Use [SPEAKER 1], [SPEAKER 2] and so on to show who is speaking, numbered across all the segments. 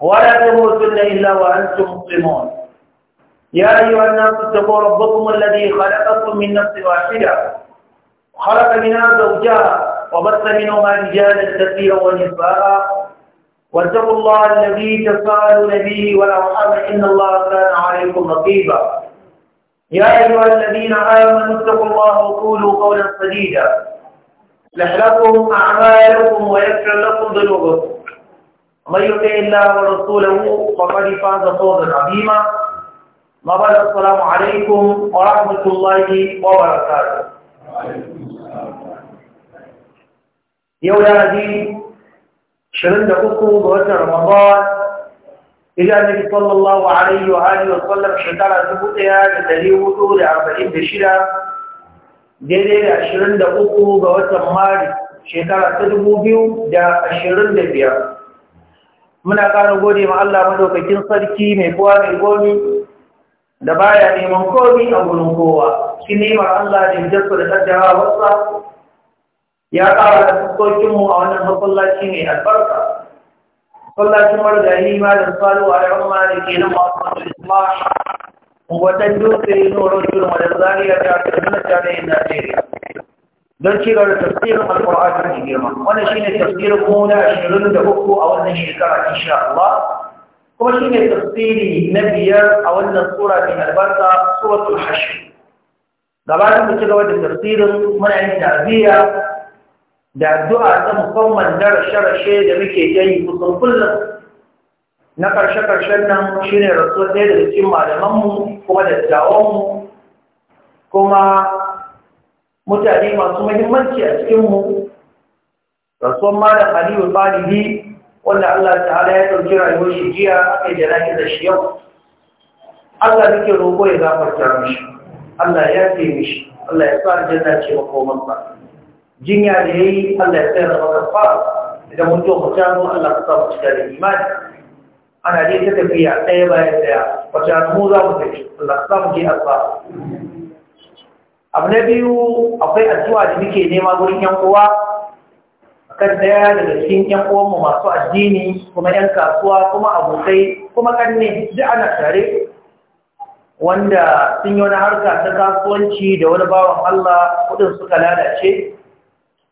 [SPEAKER 1] ولا تموتن إلا وأنتم مسلمون يا أيها الناس اتقوا ربكم الذي خلقكم من نفس واحدة خلق منها زوجها وبث منهما رجالا كثيرا ونساء واتقوا الله الذي تساءلون به والأرحام إن الله كان عليكم رقيبا يا أيها الذين آمنوا اتقوا الله وقولوا قولا سديدا يصلح لكم أعمالكم ويغفر لكم ذنوبكم ما يطع الله ورسوله فقد فاز فوزا عظيما مبارك السلام عليكم ورحمه الله وبركاته يولا دي شرن دكوكو بوجه رمضان إذا النبي صلى الله عليه وآله وسلم شتار ثبوتها لتلي وضوء لأربعين بشرة دي عشرين دقوقه بوجه مار شتار ثبوتيو دا عشرين muna ƙara gode ma Allah madaukakin sarki mai kowa mai gomi da baya neman komi a gurin kowa shi nemar Allah da jasa da tattawa wasa ya ƙara da fuskokinmu a wannan masallaci mai albarka masallacin margari ma da tsalo a yawon ma da ke nan masu islam wadanda dutse noro turma da zariya ta tattalin da yanayin najeriya don cigaba da tafsirin alƙur'ani mai girma wannan shine tafsirin shirin da uku a wannan shekara insha Allah kuma shine tafsiri na biyar a wannan sura mai albarka suratul hashr gabanin mu ci gaba da tafsirin muna yin ta'ziya da addu'a ta musamman da rashe-rashe da muke yi kusan na karshe-karshen nan shine rasuwar ɗaya da cikin malamanmu kuma mu, kuma mutane masu mahimmanci a cikinmu rasuwan malam aliyu falibi wanda Allah ta'ala ya ɗauki rayuwar shi jiya aka yi jana'i da shi yau Allah nake roƙo ya gafarta mishi Allah ya fi mishi Allah ya sa aljanna ce makoman ba jinya da yi Allah ya tsaya maka fa idan mutum mu ta mu Allah ka sa mu cika da imani ana dai ta tafiya ɗaya bayan ɗaya wata mu za mu tafi Allah ka sa mu je alfa abu na biyu akwai addu'a da muke nema wurin yan uwa kan daya daga cikin yan uwanmu masu addini kuma yan kasuwa kuma abokai kuma kanne duk ana tare wanda sun yi wani harka ta kasuwanci da wani bawan Allah kudin suka lalace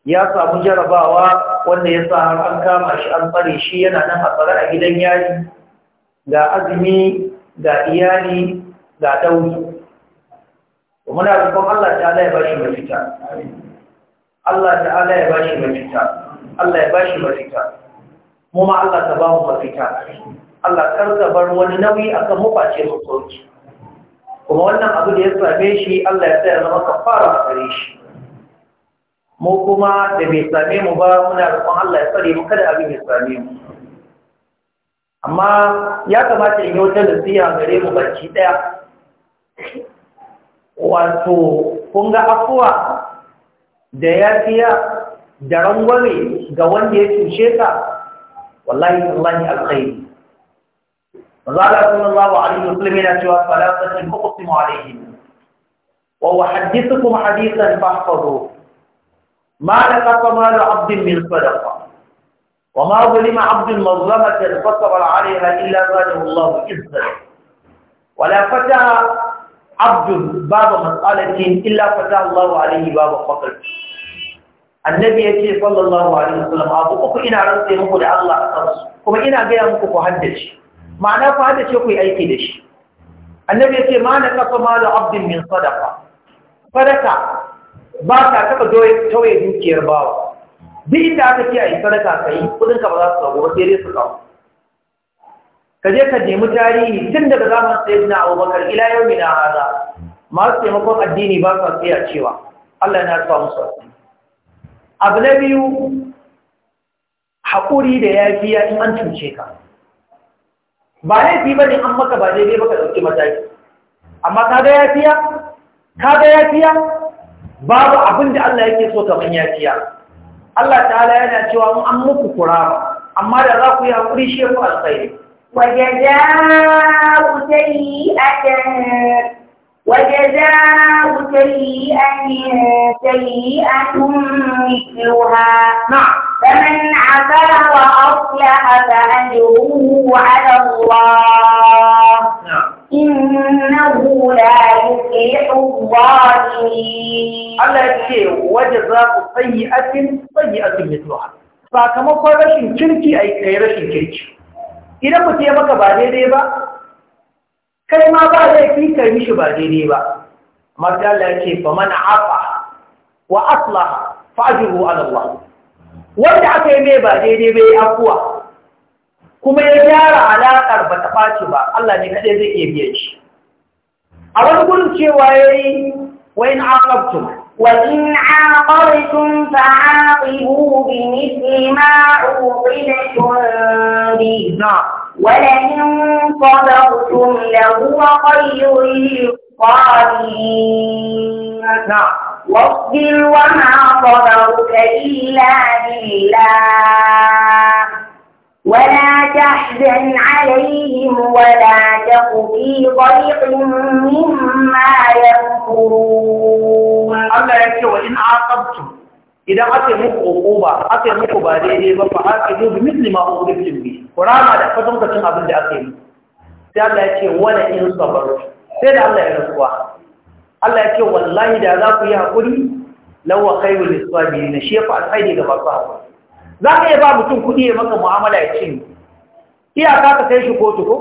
[SPEAKER 1] ya samu jarabawa wanda ya sa har an kama shi an tsare shi yana nan a tsare a gidan yari ga azumi ga iyali ga ɗauki muna roƙon Allah ta'ala ya bashi mafita Allah ta'ala ya bashi mafita Allah ya bashi mafita mu ma Allah ta ba mu mafita Allah kar ka bar wani nauyi akan mu face mu sauki kuma wannan abu da ya same shi Allah ya sa ya zama kafara a gare shi mu kuma da bai same mu ba muna roƙon Allah ya tsare mu kada abu ya same mu amma ya kamata in yi wata nasiha gare mu baki ɗaya wato kun ga afuwa da yafiya da rangwame ga wanda ya cuce ka wallahi wallahi alkhairi Allah sallallahu alaihi wasallam yana cewa salatatul muqsim alaihi wa uhaddithukum hadithan fahfazu ma laqata malu abdin min sadaqa wa ma zulima abdun mazlamatan fasara alaiha illa zadahu Allah izzatan wa la fataha abdun babu matsalatin illa fata Allah alaihi babu fakar annabi ya ce sallallahu alaihi wasallam abu uku ina rantsa muku da Allah a kansu kuma ina gaya muku ku haddace ma'ana ku haddace ku yi aiki da shi annabi ya ce ma na kafa da abdin min sadaka sadaka ba ta taba tauye dukiyar bawa duk inda aka ce a yi sadaka ka yi Kuɗinka ba za su kawo ba sai dai su kawo ka je ka nemi tarihi tun daga zamanin sayyidina abubakar ila yau mai na hada masu taimakon addini ba sa tsaya cewa Allah na sa musu abu na biyu haƙuri da yafiya in an cuce ka ba laifi ba ne an maka ba daidai baka ɗauki mataki amma ka ga yafiya ka ga yafiya babu abin da Allah yake so kamar yafiya Allah ta'ala
[SPEAKER 2] yana cewa an muku kurama amma da za ku yi haƙuri shi ya fi alkhairi وجزاء سيئة وجزاء سيئة سيئة مثلها نعم فمن عفا وأصلح فأجره على الله نعم إنه لا يفلح الظالمين الله شيء وجزاء سيئة سيئة مثلها
[SPEAKER 1] فكما قال kirki a اي rashin kirki idan mutum ya maka ba daidai ba kai ma ba fi kai mishi ba daidai ba amma sai ba mana afa wa asla fajiru alawa wanda aka yi mai ba daidai bai afuwa kuma ya gyara alaƙar ba ta ɓaci ba Allah ne kaɗai zai iya biya shi a wani gurin cewa ya yi wa
[SPEAKER 2] wayin aqabtum وإن عاقبتم فعاقبوا بمثل ما عوقبتم به نعم. ولئن صبرتم لهو خير للقادرين نعم. واصبر وما صبرك إلا بالله ولا تحزن عليهم ولا تق في ضيق مما يمكرون الله يكي وإن عاقبتم
[SPEAKER 1] إذا أتي مكو عقوبة أتي مكو باريدي فعاقبوا بمثل ما أغربتم به وراما دا فتنك تنع بند أقيم الله يكي ولا إن صبرت سيد الله يرسوا الله يكي والله إذا ذاكو يا قولي لو خير للصابرين شيخ الحيدي لبصاهم za ka iya ba mutum kuɗi ya maka mu'amala ya cinye iyaka ka kai shi kotu ko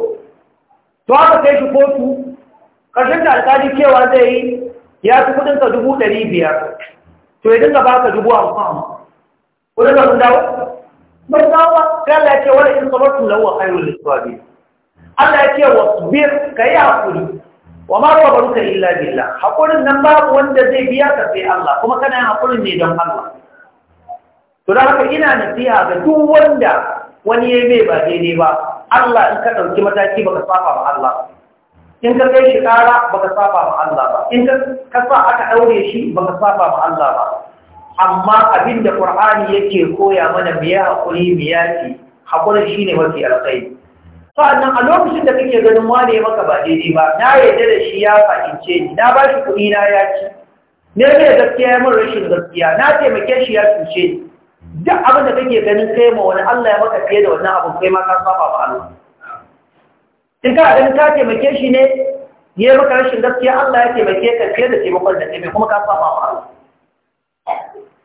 [SPEAKER 1] to aka sai shi kotu ƙarshen da alƙali cewa zai yi ya fi kudin ka dubu ɗari biyar to ya dinga baka dubu a hamsin kuɗin ka sun dawo ba su ba sai wani in Allah ya ce ka yi haƙuri wa ma illa billah haƙurin nan babu wanda zai biya ka sai Allah kuma kana haƙurin ne don Allah to da haka ina nasiha ga duk wanda wani ya mai ba daidai ba Allah in ka ɗauki mataki baka saba ma Allah in ka kai shi ƙara baka saba ma Allah ba in ka sa aka ɗaure shi baka saba ma Allah ba amma abin da yake koya mana mu yi haƙuri mu yafi haƙuri shine mafi alƙai sa'annan a lokacin da kake ganin wane ya maka ba daidai ba na yarda da shi ya fahimce ni na ba shi kuɗi na ya ci ne ne gaskiya ya mun rashin gaskiya na taimake shi ya cuce ni duk abin da kake ganin kai ma wani Allah ya maka fiye da wannan abin kai ma ka saba ba Allah in ka ganin ka taimake shi ne ya maka rashin gaskiya Allah ya taimake ka fiye da taimakon da
[SPEAKER 2] kai kuma ka saba ba Allah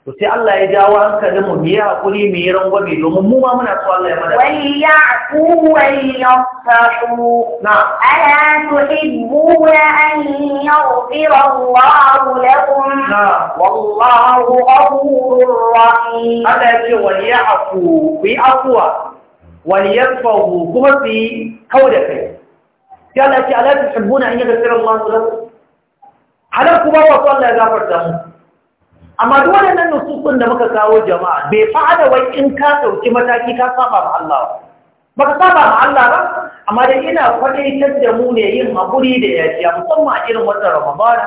[SPEAKER 1] to sai Allah ya jawo hankalin mu yi hakuri mu yi rangwame domin mu ma muna so Allah ya mana wal
[SPEAKER 2] ya'fu wal yasfahu na ala tuhibbuna an yaghfira Allah lakum na wallahu ghafurur rahim Allah ya ce wal
[SPEAKER 1] ya'fu bi afwa wal yasfahu kuma su yi kawai da kai sai Allah ya ce ala tuhibbuna an yaghfira Allah lakum halar kuma wasu Allah ya gafarta mu amma duk waɗannan nususun da muka kawo jama'a bai fa'ada wai in ka ɗauki mataki ka saba ma Allah ba ka saba ma Allah ba amma dai ina kwadaitar da mu ne yin haƙuri da yafiya musamman a irin watan Ramadana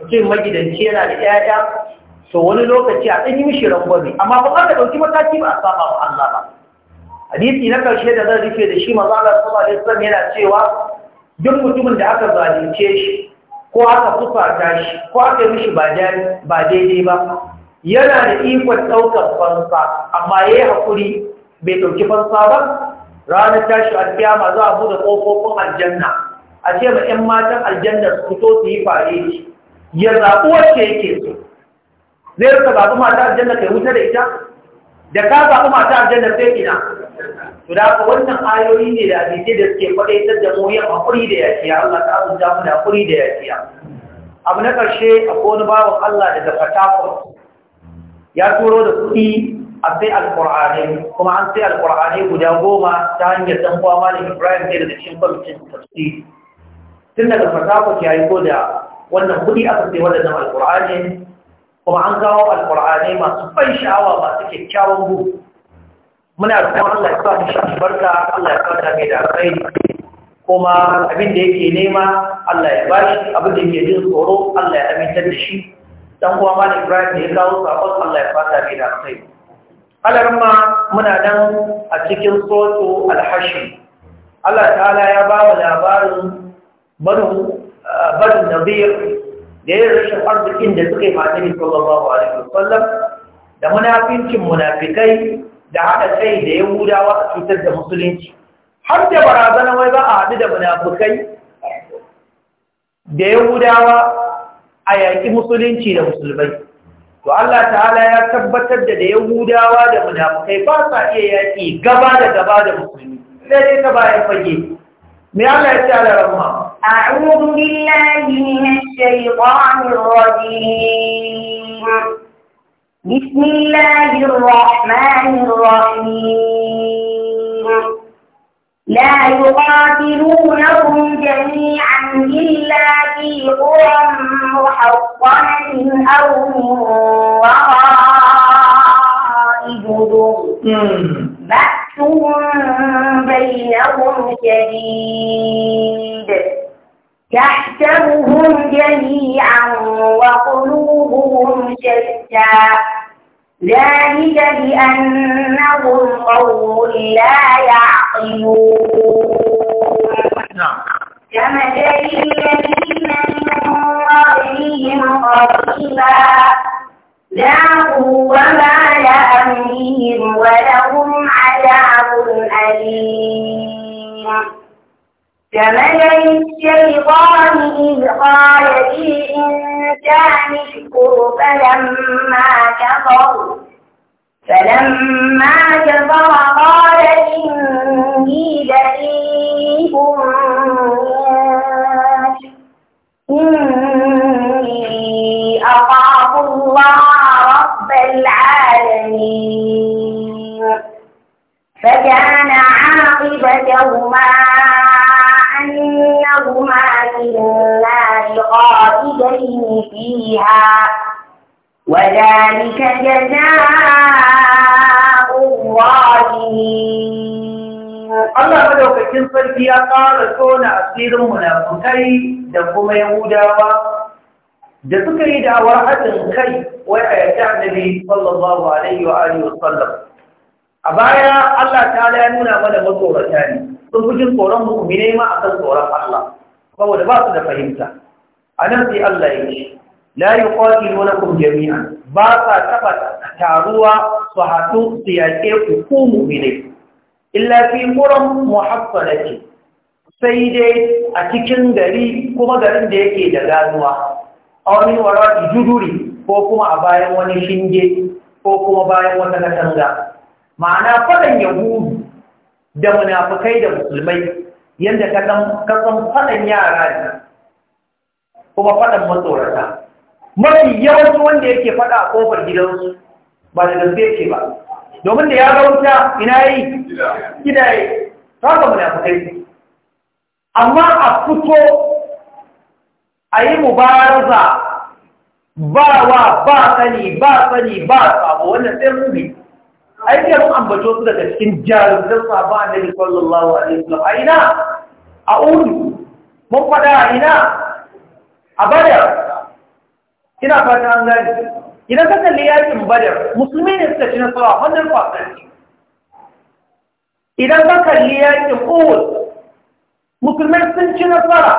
[SPEAKER 1] mutum magidanci yana da 'ya'ya to wani lokaci a ɗan yi mishi rangwame amma ba ka ɗauki mataki ba a saba ma Allah ba hadisi na ƙarshe da zan rufe da shi maza Allah sallallahu alaihi wasallam yana cewa duk mutumin da aka zalunce shi ko aka kufata shi ko aka yi mishi ba daidai ba yana da ikon ɗaukar fansa amma ya yi haƙuri bai ɗauki fansa ba ranar tashi ma za a buɗe ƙofofin aljanna a ce ma 'yan matan aljanna su fito su yi fare shi ya zaɓi wacce yake so zai rika zaɓi mata aljanna kai wuta da ita da ka zaɓi masu aljanna sai ina to da wannan ayoyi ne da hadisi da suke faɗaitar da mu a haƙuri da yaciya Allah ta abin da mu da da yaciya abu na ƙarshe akwai wani bawan Allah daga Fatakur ya turo da kuɗi a sai alƙur'ani kuma an sai alƙur'ani guda goma ta hanyar ɗan kuwa malam Ibrahim ne daga cikin kwamitin tafsiri tun daga Fatakur ya yi ko da wannan kuɗi aka sai waɗannan alƙur'ani kuma an kawo alƙur'ani masu ban sha'awa masu kyakkyawan gu muna da kuma Allah ya sa mu shi barka Allah ya sa ta mai da alkhairi kuma abin da yake nema Allah ya bashi abin da yake jin tsoro Allah ya amintar da shi dan uwa malam Ibrahim da ya kawo sabon Allah ya fata mai da alkhairi alarma muna nan a cikin soto alhashi Allah ta'ala ya ba mu labarin banu eh, nabir da ya rashin arzikin da suka yi matani sallallahu alaihi wasallam da munafincin munafikai da haɗa kai da yahudawa a cutar da musulunci har da barazana wai ba a haɗu da munafikai da yahudawa a yaƙi musulunci da musulmai to Allah ta'ala ya tabbatar da da yahudawa da munafikai ba sa iya yaƙi gaba da gaba da musulmi sai dai ta bayan fage me Allah ya ce ala
[SPEAKER 2] rahma أعوذ بالله من الشيطان الرجيم بسم الله الرحمن الرحيم لا يقاتلونهم جميعا إلا في قرى محصنة أو من وراء جدر بأسهم بينهم شديد تحسبهم جميعا وقلوبهم شتى ذلك بأنهم قوم لا يعقلون نعم. كمثل الذين من قبلهم قريبا ذاقوا وما لأمرهم ولهم عذاب أليم كمثل الشيطان إذ قال للإنسان اشكر فلما كفر فلما كفر قال إني بريء إني أخاف الله رب العالمين فكان عاقبتهما أنهما في النار خالدين فيها وذلك جزاء الظالمين الله مدوكتين صرفي يا قال
[SPEAKER 1] كون أصير منافقي دفهم يهوداوا da suka yi da'awar haɗin kai wai a yadda annabi sallallahu alaihi wa alihi wasallam a baya Allah ta ya nuna mana matsorata ne sun fi jin tsoron mu'mine a akan tsoron Allah da ba su da fahimta a nan sai Allah ya ce la yuqatilunakum jami'an ba sa taba taruwa su haɗu su yaƙe hukumu ku illa fi quram ce. sai dai a cikin gari kuma garin da yake da ganuwa a wani wara'i juduri ko kuma a bayan wani shinge ko kuma bayan wata katanga ma'ana fadan yahudu da munafukai da musulmai yadda ka san faɗan yara ne kuma faɗan matsorata mafi yawanci wanda yake faɗa a ƙofar gidansu ba da gaske ce ba domin da ya rauta ina yi gida yi haka munafukai amma a fito a yi mubaraza ba wa ba sani ba sani ba sabo wannan tsirri ai sai mun ambato su daga cikin jarumtar sahaba annabi sallallahu alaihi wasallam a ina a udu mun fada a ina a badar ina fata an gani idan ka kalli yakin badar musulmi ne suka ci nasara wannan fasar idan ka kalli yakin uhud musulmi sun ci nasara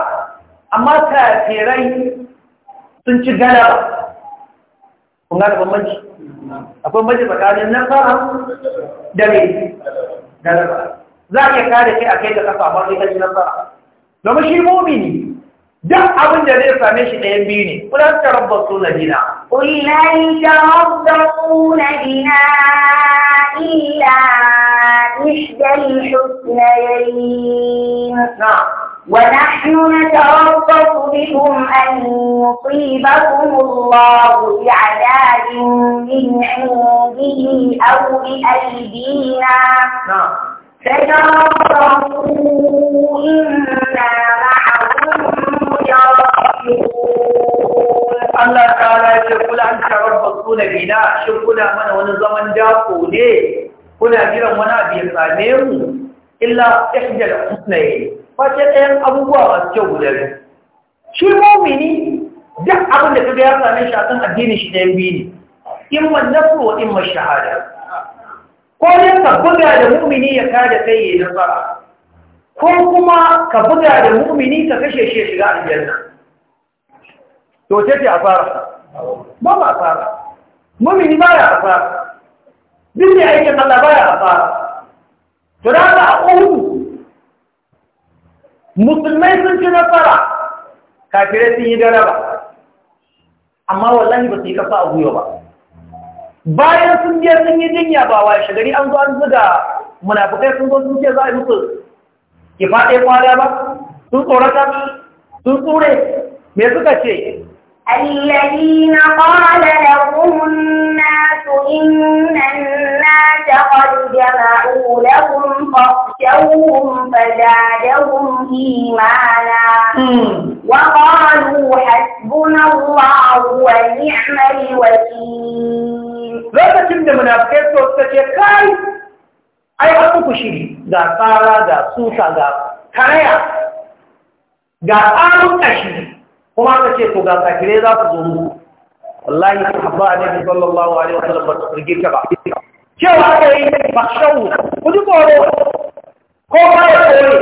[SPEAKER 1] amma kafirai sun ci galaba kun gane bambanci akwai mace tsakanin nasara da ne da za a iya kare shi a kai da kafa ba sai kaji nasara domin shi mumini duk abin da zai same shi ɗayan biyu ne kullum ta rabba suna dina
[SPEAKER 2] kullum ta rabba suna dina illa إحدى الحسنيين نعم ونحن نتربص بكم أن يصيبكم الله بعذاب من عنده أو بأيدينا نعم. فتربصوا إنا معهم مجربون الله
[SPEAKER 1] تعالى يقول أن تربصون بنا شكرا من ونظم جاكو ليه هنا جرم ونابي الثانيين إلا إحجل حسنين face ɗayan abubuwa masu kyau guda biyu shi mumini duk abin da kaga ya same shi a kan addinin shi ɗayan biyu ne in man nasru wa in man shahada ko ne ka buga da mumini ya kada kai ya nasara ko kuma ka buga da mumini ka kashe shi ya shiga aljanna to ce ce a fara ba ba fara mumini ba ya fara duk da aikin Allah ba ya fara to da a a musulmai sun ci nasara kafirai sun yi garaba amma wallahi ba su yi kafa a gwiwa ba bayan sun biya sun yi jinya ba wa shagari an zo an zuga munafukai sun zo sun ce za a yi musu ki faɗe kwada ba
[SPEAKER 2] sun tsorata sun tsure me suka ce الذين قال لهم الناس إن الناس قد جمعوا لهم فاخشوهم فزادهم إيمانا وقالوا حسبنا الله ونعم الوكيل lokacin da munafikai so suka ce kai
[SPEAKER 1] ai an muku shiri ga tsara ga susa ga karaya ga kuma aka ce to ga kafirai za su zo mu wallahi a annabi sallallahu alaihi wasallam ba ta firge ka ba
[SPEAKER 2] cewa aka yi
[SPEAKER 1] fakshawu ku ji tsoro ko ba ya tsore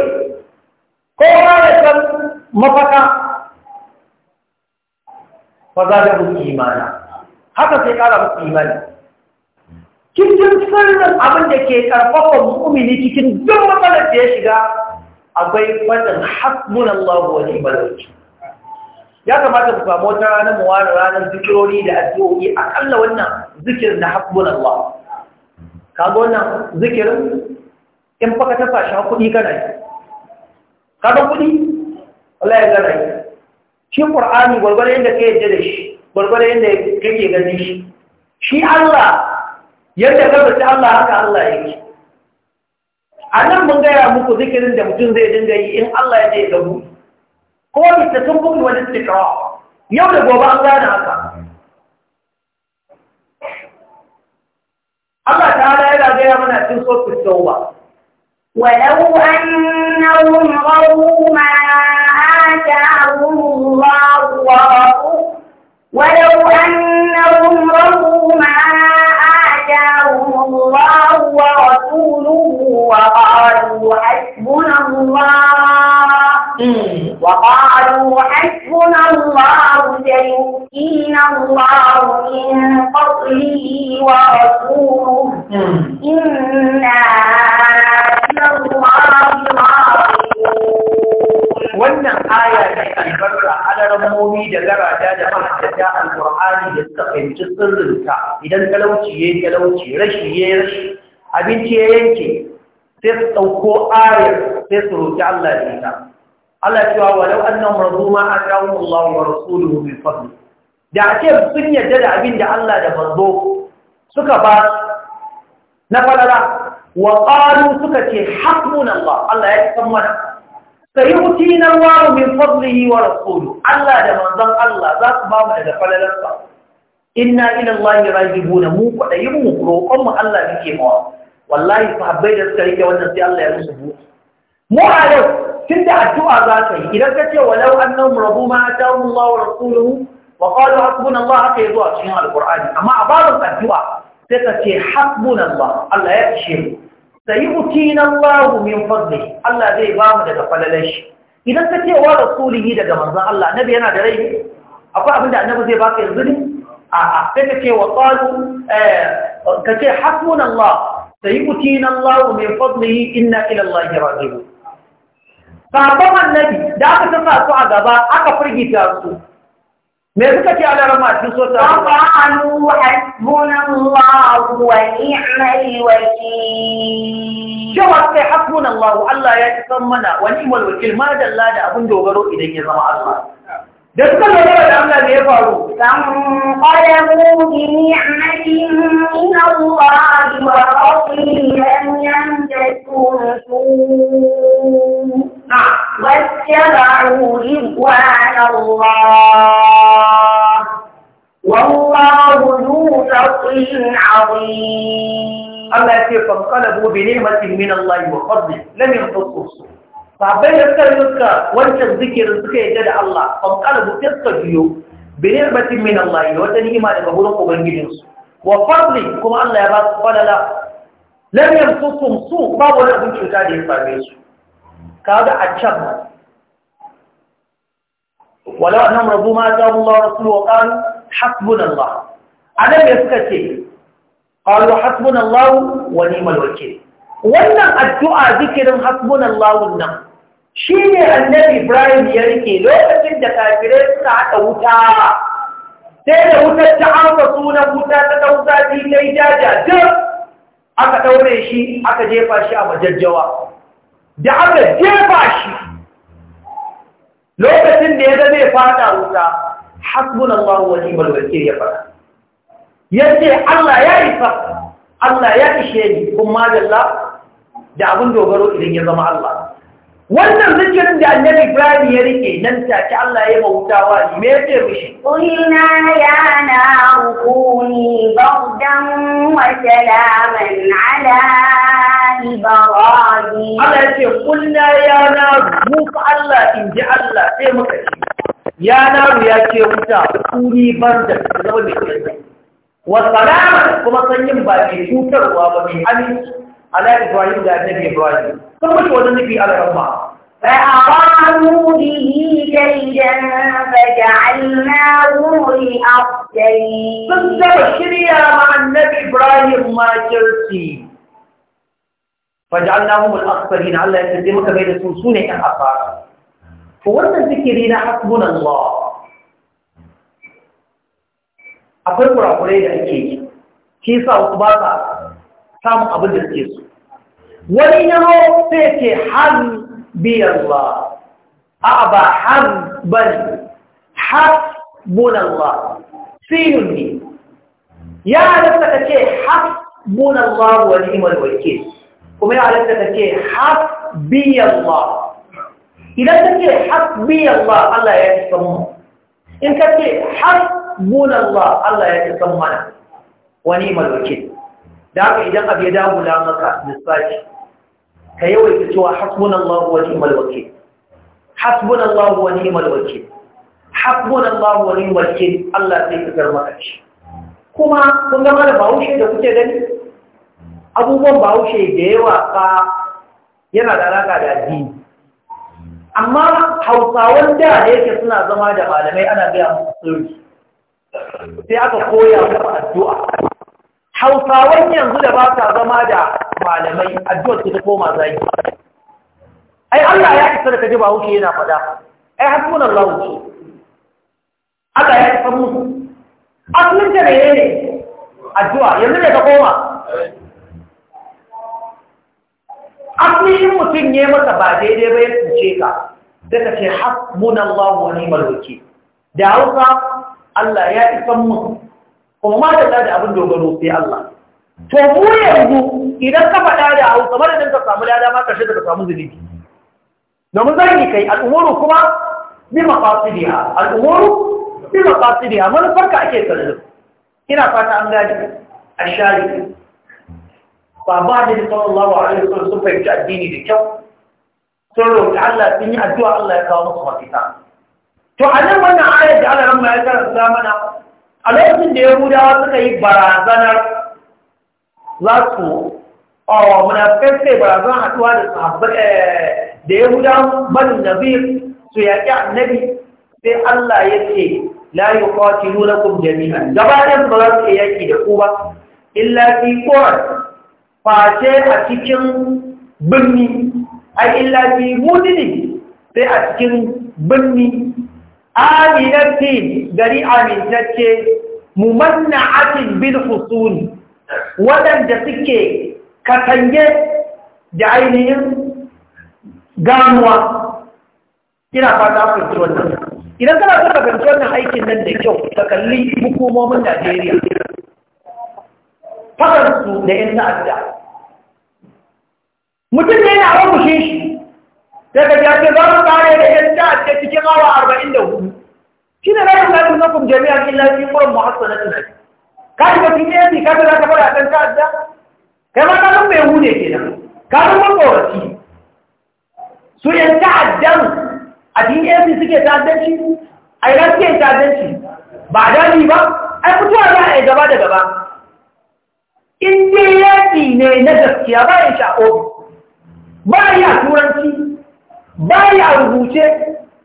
[SPEAKER 1] ko ba ya san mafaka fa za da muku imana haka sai kara ku imani cikin sirrin abin da ke karfafa mu'mini cikin duk matsalar da ya shiga akwai fadin hasbunallahu wa ni'mal wakeel ya kamata ku samu wata ranar mu wani ranar zikirori da addu'o'i akalla wannan zikirin na hasbun Allah kaga wannan zikirin in baka tafa shi kuɗi kana yi kaga kuɗi Allah ya gara yi shi Qur'ani gwargwado yadda ka yadda da shi gwargwado yadda kake gani shi shi Allah yadda ka gabata Allah haka Allah yake a nan mun gaya muku zikirin da mutum zai dinga yi in Allah ya ce ya gabu ko da tasabbuq wal istiqra yau da gobe an gane haka Allah ta'ala yana gaya mana cikin suratul tauba
[SPEAKER 2] ولو أنهم رضوا ما آتاهم الله ورضوا ولو أنهم رضوا ما آتاهم الله ورسوله وقالوا حسبنا الله وقالوا حسبنا الله سيؤتينا الله من فضله ورسوله إنا إلى الله
[SPEAKER 1] wannan aya ne albarka alarammomi da garata da mahadata alƙur'ani da suka fahimci sirrinta idan talauci ya yi talauci rashi ya rashi abinci ya yanke sai su ɗauko ayar sai su roƙi Allah da ita Allah cewa walau annahum radu ma atahum Allah wa rasuluhu min fadli da ake sun yadda da abin da Allah da manzo suka ba na falala wa qalu suka ce hasbuna Allah Allah ya san mana sayutina Allah min fadlihi wa rasuluhu Allah da manzon Allah za su ba mu daga falalarsa inna ila Allah rajibuna mu kwadayin mu roƙon mu Allah yake mawa wallahi sahabbai da suka rike wannan sai Allah ya musu buɗe mu a yau tun da addu'a za ta yi idan ka ce walau nan rabu ma atahum Allah wa rasuluhu wa qalu hasbuna Allah haka yazo a cikin alqur'ani amma a babin addu'a sai ka ce hasbuna Allah Allah ya ishe mu sayutina Allah min fadli Allah zai ba mu daga falalar shi idan ka ce wa rasulihi daga manzon Allah nabi yana da rai akwai abin da annabi zai baka yanzu ne a'a sai ka ce wa qalu eh, ka ce hasbuna Allah sayutina Allah min fadlihi inna ila Allah raji'un sabon annabi da aka sassa su a gaba aka firgita su me suka ce su? rama cikin
[SPEAKER 2] sota qalu hasbunallahu wa ni'mal wakil cewa sai hasbunallahu Allah ya san mana wa ni'mal wakil ma da abun
[SPEAKER 1] dogaro idan ya zama Allah da suka zaura da Allah ne ya faru.
[SPEAKER 2] Sankwada mugi ni'amatin ina wa wa Allah ya ce,
[SPEAKER 1] "Fankana bobe ne matin min Allah yi wa ƙarfi, sahabbai da suka wancan zikirin suka yadda da Allah ban kalabu sai suka biyo bi ni'matin min Allah da wata ni'ima daga wurin ubangijinsu wa fadli kuma Allah ya ba su falala lam sun su babu wani abin cuta da ya same su Ka ga a can rabu ma ولو أنهم رضوا ما أتاهم الله ورسوله وقالوا حسبنا الله suka ce. يسكت قالوا حسبنا الله ونعم الوكيل wannan addu'a zikirin hasbunallahu nan shi ne annabi Ibrahim ya rike lokacin da kafirai suka haɗa wuta sai da wutar ta amsa sunan wuta ta ɗau zafi ta yi jajajen aka ɗaure shi aka jefa shi a majajjawa da aka jefa shi lokacin da ya zama ya fada wuta hasbunallahu wa ni'mal wakil ya fara yace Allah ya isa Allah ya ishe ni kuma da da abin dogaro idan ya zama Allah wannan zikirin da annabi
[SPEAKER 2] Ibrahim ya rike nan take Allah ya bauta wa me yake mishi qulna ya na ukuni bardan wa salaman ala ibrahim Allah ya ce qulna ya na mu fa Allah
[SPEAKER 1] inji Allah sai muka ce ya naru ya ce wuta kuni bardan zama mai wa salaman kuma sanin ba ke cutarwa ba mai aminci على إبراهيم ده النبي إبراهيم ثم شو النبي على الله
[SPEAKER 2] فأرادوا به كيدا فجعلناه لأخسرين ثم شريا مع النبي إبراهيم ما ترسي
[SPEAKER 1] فجعلناهم الأخسرين على يتدمك بين سنسونة الأخار فورد الذكرين حسبنا الله أقول قرأ قرأ لأكيد كيف أصبحت samun abin da suke so wani yaro sai ce har biyar ba a ba har bane har bunan ba siyun ne ya halatta ka ce har bunan ba wani imal walke kuma ya halatta ka ce har biyar ba idan ka ce har biyar ba Allah ya fi samu in ka ce har bunan ba Allah ya fi samu mana wani imal walke da haka idan abu ya dagula maka misali, ka yawaita cewa hasbunallahu wa ni'mal wakil hasbunallahu wa ni'mal wakil hasbunallahu wa ni'mal wakil Allah sai ka garma ka shi kuma kun ga mala bahaushe da kuke gani abubuwan bahaushe da yawa ka yana da alaka da addini amma hausawan da da yake suna zama da malamai ana gaya musu sirri sai aka koya musu addu'a hausawan yanzu da ba sa zama da malamai addu'ar su ta koma zai ai Allah ya isa da kaji ba hushe yana faɗa ai hasbunan lahu Allah ya isa musu asalin ta ne a addu'a yanzu ne ka koma asalin mutum ya masa ba daidai ba ya tsince ka daga ce hasbunan lahu wani malwaki da hausa Allah ya isa musu kuma ma da da abin dogaro sai Allah to mu yanzu idan ka faɗa da hausa mara dan ka samu dada, ma karshe da ka samu zunubi domin zagi kai al'umuru kuma bi maqasidiha al'umuru bi maqasidiha manufar farka ake kallon ina fata an gaji a shari ba ba da sallallahu alaihi wasallam sun fahimci addini da kyau sun roƙi Allah sun yi addu'a Allah ya kawo musu mafita to a nan wannan ayar da Allah ran ma ya karanta mana a lokacin da yahudawa suka yi barazanar za su o oh, munafikai barazanar haɗuwa da sahabbai eh, da yahudawa banin nazir su yaƙi annabi sai Allah ya ce la yuqatilunakum jami'an gaba ɗayan ba za su yaƙi da ku ba illa fi face a cikin birni ai illa fi mudini sai a cikin birni aminatin gari amintacce mumanna'atin bil husuni waɗanda suke katange da ainihin gamuwa ina fata fahimci wannan idan kana son fahimci wannan aikin nan da kyau ka kalli hukumomin Najeriya su da 'yan ta'adda mutum ne yana abin shi daga jace za mu kare da yan ta a cikin awa arba'in da hudu shi ne na yasa tun nakon jami'an illa fi kuran na da ka shiga cikin yanzu ka za ka fara ɗan ta'adda kai ma kanun mai hune kenan ka san makorafi su yan ta'addan a cikin yanzu suke ta'addanci a yi suke ta'addanci ba a dami ba ai fitowa za a yi gaba da gaba in dai yaƙi ne na gaskiya ba ya Ba a ba ya turanci baya rubuce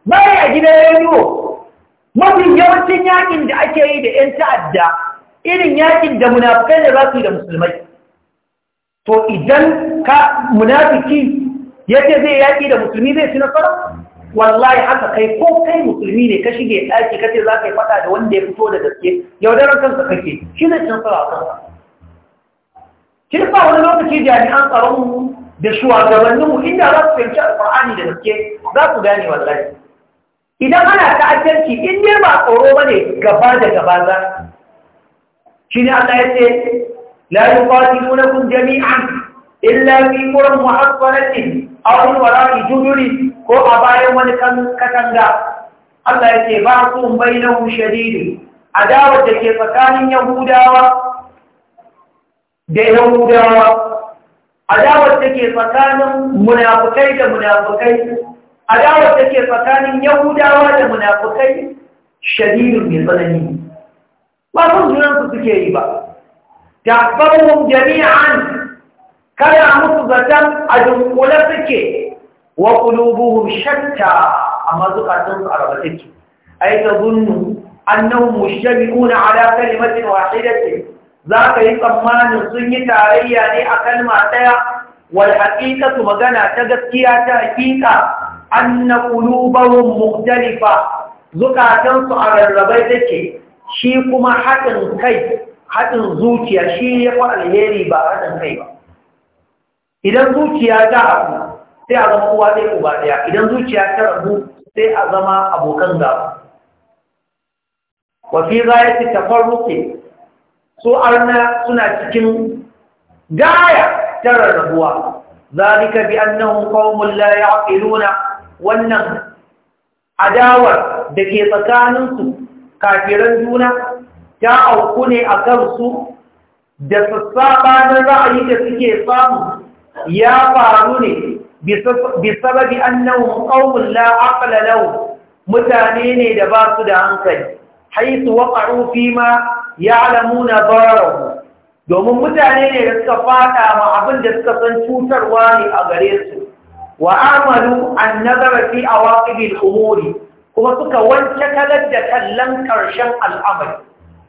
[SPEAKER 1] baya gidan rediyo mafi yawancin yakin da ake yi da 'yan ta'adda irin yakin da munafikai da za da musulmai to idan ka munafiki ya ce zai yaki da musulmi zai suna nasara wallahi haka kai ko kai musulmi ne ka shige ɗaki ka ce za ka faɗa da wanda ya fito da gaske yaudarar kansa kake shi zai ci nasara kansa shi sa wani lokaci jami'an tsaronmu da mu inda za su fahimci alƙur'ani da gaske za su gane wallahi idan ana ta'addanci in ne ba tsoro bane gaba da gaba za shi ne Allah ya ce la yuqatilunakum jami'an illa fi qura muhassaratin aw wara'i juduri ko a bayan wani katanga Allah ya ce ba ku bainahu shadidun adawar da ke tsakanin yahudawa da yahudawa adawar take tsakanin munafukai da munafukai adawar take tsakanin yahudawa da munafukai shadidun mai tsanani ba sun su suke yi ba Da sabon jami'an kada musu zaton a dunkule suke wa kulubuhum shatta amma su a raba take ai ta zunnu annahum mushtabi'una ala kalimatin wahidatin za ka yi tsammanin sun yi tarayya ne a kalma ɗaya wal su magana ta gaskiya ta haƙiƙa an na ƙulubahun muktalifa zukatansu a rarrabai take shi kuma haɗin kai haɗin zuciya shi ya fi alheri ba haɗin kai ba idan zuciya ta haɗu sai a zama uwa ɗaya uba ɗaya idan zuciya ta rabu sai a zama abokan gaba wafi za ya fi tafarruke su arna suna cikin gaya ta rabuwa zalika bi annahum qaumun la ya'qiluna wannan adawar da ke tsakaninsu kafiran juna ta auku ne a kansu da sassaɓa na ra'ayi da suke samu ya faru ne bi sababi annahum qaumun la aqla lahum mutane ne da ba su da hankali haythu waqa'u fi ma ya'lamuna dararahu domin mutane ne da suka fada ma abin da suka san cutarwa ne a gare su wa amalu an nazara fi awaqibil umuri kuma suka wanke kalar da kallon karshen al'amari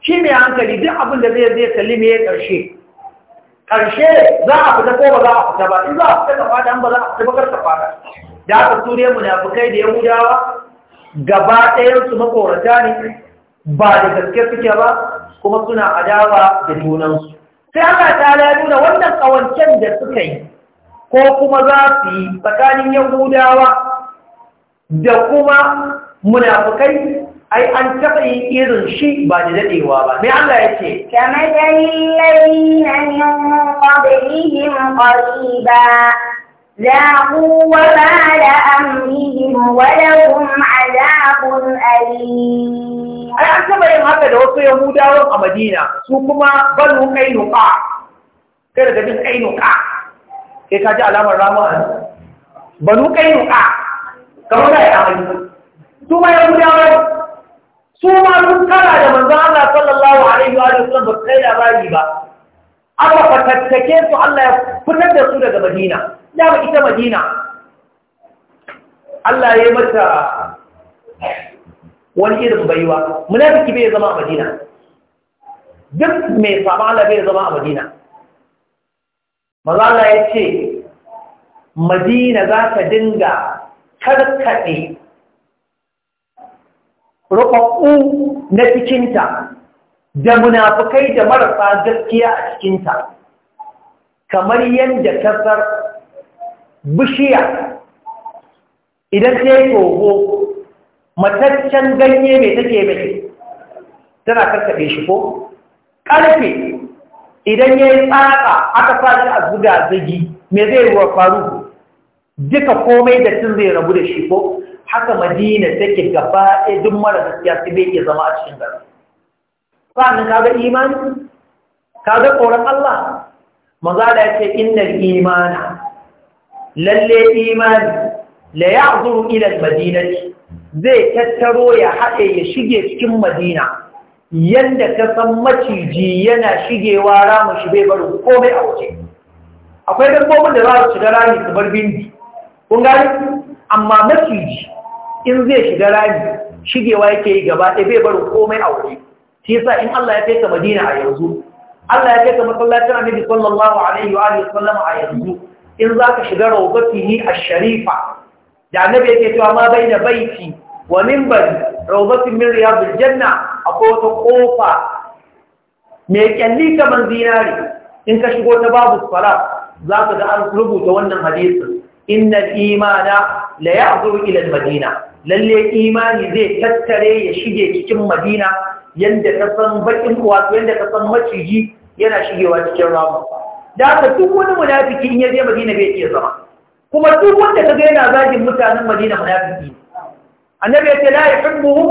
[SPEAKER 1] shi mai hankali duk abin da zai zai kalli me karshe karshe za a fita ko ba za a fita ba in za a fita ka fada ba za a fita ba kar ka fada da aka ture munafikai da yahudawa gaba ɗayan su makorata ne ba da gaske suke ba kuma suna adawa da junansu sai Allah ta ya nuna wannan ƙawancen da suka yi ko kuma za su yi tsakanin yahudawa da kuma munafukai ai an taɓa yi irin shi ba da daɗewa ba mai Allah ya
[SPEAKER 2] ce kamar dalilai na yin ƙwabirihim ba. ذاقوا وبال أمرهم ولهم عذاب أليم أنا أعتبر أن هذا هو يهودا
[SPEAKER 1] ومدينة سوكما بنو قينقاع كده ده بن قينقاع كيف جاء علامة الرحمن بنو قينقاع كما لا يعمل ثم يهودا su ma sun kara da manzon Allah sallallahu alaihi wa sallam ba kai labari ba aka fatattake su Allah ya fitar da su daga Madina dama ita madina Allah ya mata wani irin baiwa munafiki bai zama a madina duk mai saba Allah bai zama a madina mazala ya ce madina za ta dinga karkaɗe rufaɓɓu na cikinta da munafukai da marasa gaskiya a cikinta kamar yadda kasar bishiya idan ta yi toho mataccen ganye mai take mai tana karkaɗe shi ko ƙarfe idan ya yi tsaka aka faɗi a zuga zagi mai zai ruwa faru duka komai da tun zai rabu da shi ko haka madina take gaba ɗaya duk mara gaskiya su bai iya zama a cikin gari sa'annan ka ga imani ka ga tsoron Allah maza da ya ce innal imana lalle imani la ya'zuru ila al-madinati zai tattaro ya haɗe ya shige cikin madina yadda ka san maciji yana shigewa ramu shi bai barin komai a waje akwai dabbobin da za su shiga rami su bar bindi kun gani amma maciji in zai shiga rami shigewa yake yi gaba ɗaya bai barin komai a waje shi yasa in Allah ya kai madina a yanzu Allah ya kai ka masallacin annabi sallallahu alaihi wa sallam a yanzu in za ka shiga raubatihi a sharifa da annabi yake cewa ma bai da baiti wa bari raubatin min riyadul janna akwai wata kofa mai kyalli kamar zinari. in ka shigo ta babu sala za ka ga an rubuta wannan hadisin innal imana la ya'zuru ila madina lalle imani zai tattare ya shige cikin madina yanda ka san bakin wato yanda ka san maciji yana shigewa cikin ramu da haka duk wani munafiki in ya je madina bai iya zama kuma duk wanda ka ga yana zagin mutanen madina munafiki annabi ya ce la yuhibbuhum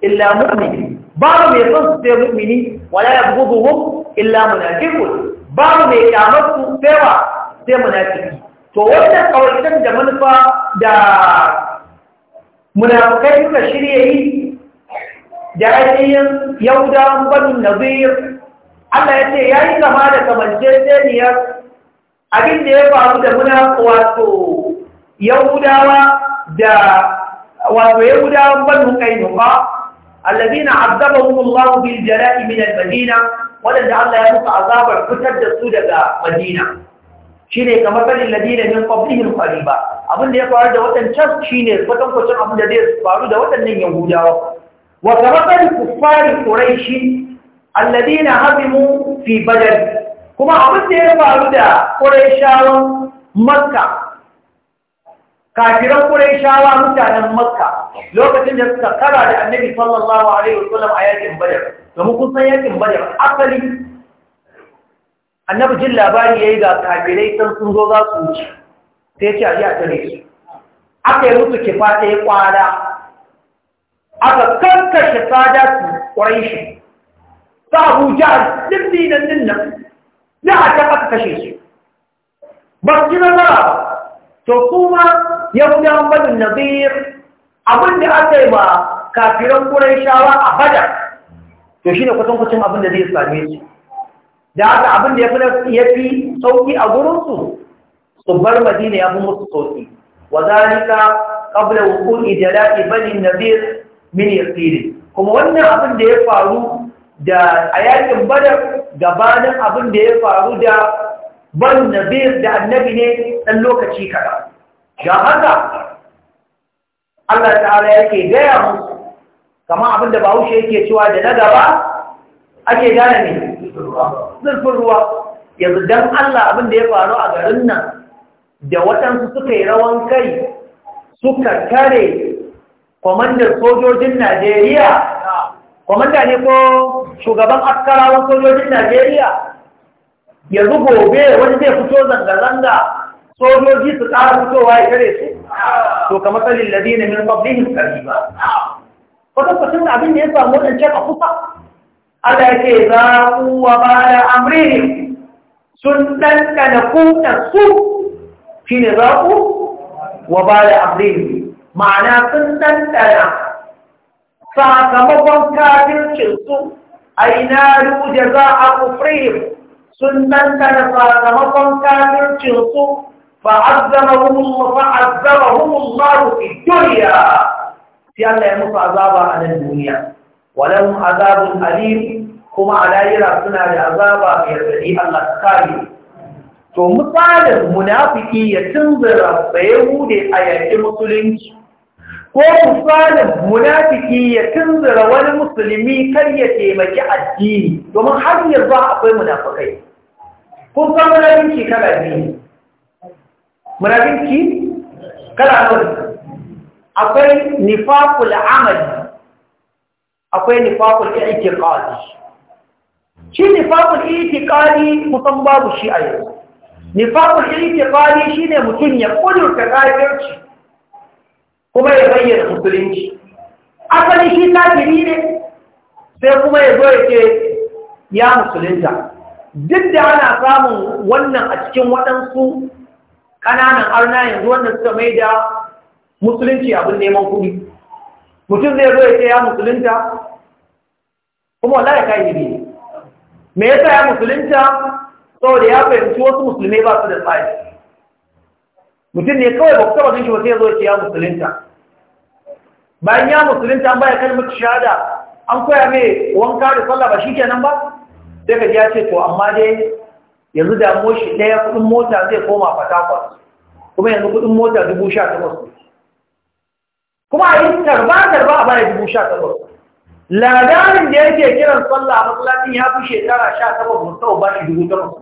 [SPEAKER 1] illa mu'min babu mai son su sai mu'mini wala yabghuduhum illa munafiqun babu mai kyamar su sai wa sai munafiki to wannan kawaicin da manufa da munafikai suka shirye yi da ainihin yahudawan banu nazir Allah ya ce ya yi kama da kamanceceniyar abin da ya faru da muna wato yahudawa da wato yahudawan banu kainuka allazina azabahum Allah bil jala'i min al madina wadanda Allah ya musu azabar fitar da su daga madina shine kamar kalin ladina min qablihim qariba abin da ya faru da wadancan shine kwatan kwatan abin da zai faru da wadannan yahudawa wa kamar kuffari quraishi alladina hazimu fi badar kuma abin da ya faru da ƙurayshawan makka kafiran ƙurayshawa mutanen makka lokacin da suka kara da annabi sallallahu alaihi wasallam a yakin badar domin kun yakin badar asali annabi jin labari ya yi ga kafirai san sun zo za su wuce sai ya ce a tare su aka yi musu kifa ɗaya kwada aka kankashe sada su shi ta abu jihar dindinan dinnan da a can aka kashe su ba su ji nazara ba to kuma yahudawan banin nazir abin da aka yi ba kafiran kurai shawa a bada to shi ne kwatankwacin abin da zai same su da haka abin da ya fi sauki a gurinsu su bar madina ya fi musu sauki wa zalika qabla wuqu'i jala'i bani nabir min yasiri kuma wannan abin da ya faru da a yakin badar gabanin abin da ya faru da ban nabir da annabi ne ɗan lokaci kaɗa ga haka Allah ta'ala yake gaya mu. kama abin da bahaushe yake cewa da na gaba ake gane ne zurfin ruwa yanzu don Allah abin da ya faru a garin nan da waɗansu suka yi rawan kai suka kare kwamandar sojojin Najeriya kwamanda ne ko shugaban askarawan sojojin Najeriya yanzu gobe wani zai fito zanga-zanga sojoji su ƙara fitowa ya kare su to ka matsalin ladina min qablihim ba. wata kwacin abin da ya samu wajen cewa kusa Allah ya ce za ku wa sun ɗanɗana kuɗa su shi ne za ku wa bala amrihim ma'ana sun ɗanɗana sakamakon kafircin su A ina jaza'a kufrihim a kana sun tamakon kafir cinsu fa azzamahum wa fa azzamahum Allah fi dunya fi Allah ya musu azaba a nan duniya walam azabun alim kuma alayira suna da azaba mai tsari Allah kare
[SPEAKER 2] to misalin
[SPEAKER 1] munafiki ya tunzura bayahude a yaki musulunci ko kufanin munafiki ya tunzura wani musulmi kan ya taimaki addini domin har yanzu akwai munafikai kun san munafinci kala biyu munafinci kala nawa akwai nifaqul amali akwai nifaqul i'tiqadi shi nifaqul i'tiqadi kusan babu shi a yau nifaqul i'tiqadi shine mutum ya kudurta kafirci kuma ya bayyana musulunci asali shi kafiri ne sai kuma ya zo ya ce ya musulunta duk da ana samun wannan a cikin waɗansu ƙananan arna yanzu wanda suka mai da musulunci abin neman kuɗi mutum zai zo ya ce ya musulunta kuma wala ya kayi ne me yasa ya musulunta saboda ya fahimci wasu musulmai ba su da tsari mutum ne kawai ba ku taba ganin shi ba sai zo ya musulunta bayan ya musulunta an baya kalmar shahada an koya mai wanka da sallah ba shikenan ba sai ka ya ce to amma dai yanzu da moshi ɗaya kuɗin mota zai koma fatakwas kuma yanzu kuɗin mota dubu sha takwas kuma a yi tarba-tarba a baya dubu sha takwas ladarin da yake kiran sallah a matsalacin ya fi shekara sha takwas musamman ba shi dubu takwas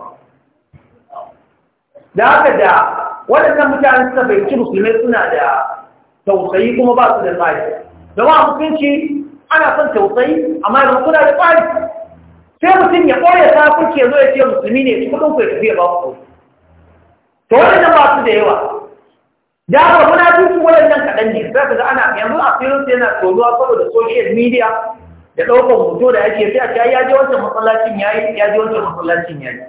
[SPEAKER 1] da haka da waɗannan mutane suka fahimci musulmai suna da tausayi kuma ba su da tsari ba a kunci ana son tausayi amma yanzu kuna da tsari sai mutum ya ɓoye ta kuke zo ya ce musulmi ne kuɗin kuma ya ba ku
[SPEAKER 2] to waɗannan ba su da yawa
[SPEAKER 1] da ba muna cikin waɗannan kaɗan ne sai ka ga ana yanzu a filin sai yana tsoruwa saboda social media da ɗaukar hoto da ake sai a ce ya je wancan masallacin ya yi ya je wancan masallacin ya yi